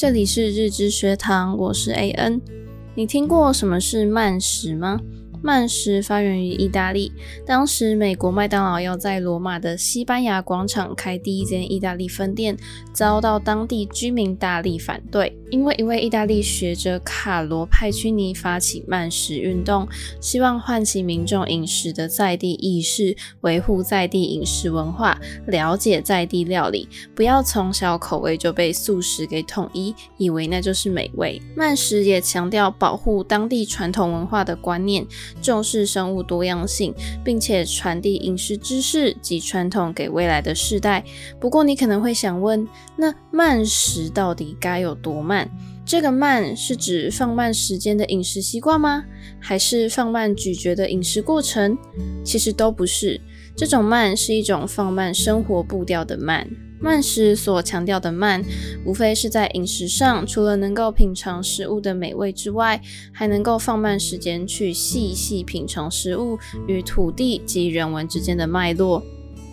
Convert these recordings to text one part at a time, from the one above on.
這裡是日知學堂，我是 AN。你聽過什麼是慢食嗎？慢食發源於意大利。當時，美國麥當勞要在羅馬的西班牙廣場開第一間意大利分店，遭到當地居民大力反對。因為一位意大利學者卡羅派屈尼發起慢食運動，希望喚起民眾飲食的在地意識，維護在地飲食文化，了解在地料理，不要從小口味就被速食給統一，以為那就是美味。慢食也強調保護當地傳統文化的觀念。重視生物多樣性，並且傳遞飲食知識及傳統給未來的世代。不過，你可能會想問：那慢食到底該有多慢？這個慢是指放慢時間的飲食習慣嗎？還是放慢咀嚼的飲食過程？其實都不是，這種慢是一種放慢生活步調的慢。慢食所強調的慢，無非是在飲食上，除了能夠品嘗食物的美味之外，還能夠放慢時間去細細品嘗食物與土地及人文之間的脈絡。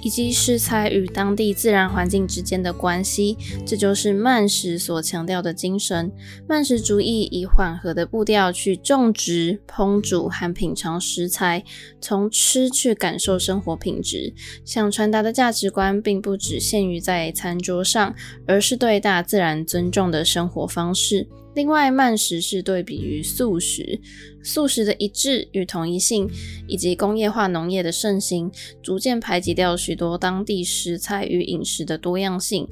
以及食材與當地自然環境之間的關係，這就是慢食所強調的精神。慢食主義以緩和的步調去種植、烹煮和品嘗食材，從吃去感受生活品質。想傳達的價值觀並不只限於在餐桌上，而是對大自然尊重的生活方式。另外，慢食是對比於速食，速食的一致與統一性，以及工業化農業的盛行，逐漸排擠掉許多當地食材與飲食的多樣性。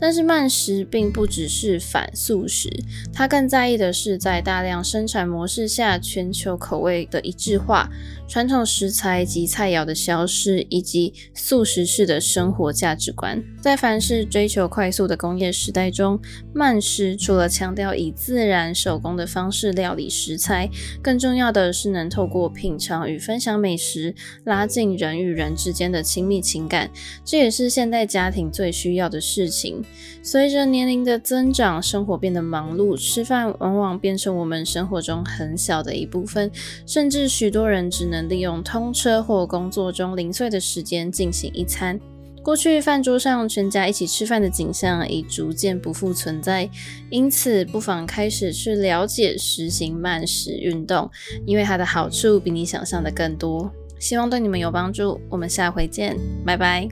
但是慢食並不只是反速食，它更在意的是在大量生產模式下全球口味的一致化、傳統食材及菜肴的消失，以及速食式的生活價值觀。在凡是追求快速的工業時代中，慢食除了強調以自然手工的方式料理食材，更重要的是能透過品嘗與分享美食，拉近人與人之間的親密情感。這也是現代家庭最需要的事情。隨着年齡的增長，生活變得忙碌，吃飯往往變成我們生活中很小的一部分，甚至許多人只能利用通車或工作中零碎的時間進行一餐。過去飯桌上全家一起吃飯的景象已逐漸不復存在，因此不妨開始去了解實行慢食運動，因為它的好處比你想象的更多。希望對你們有幫助，我們下回見，拜拜。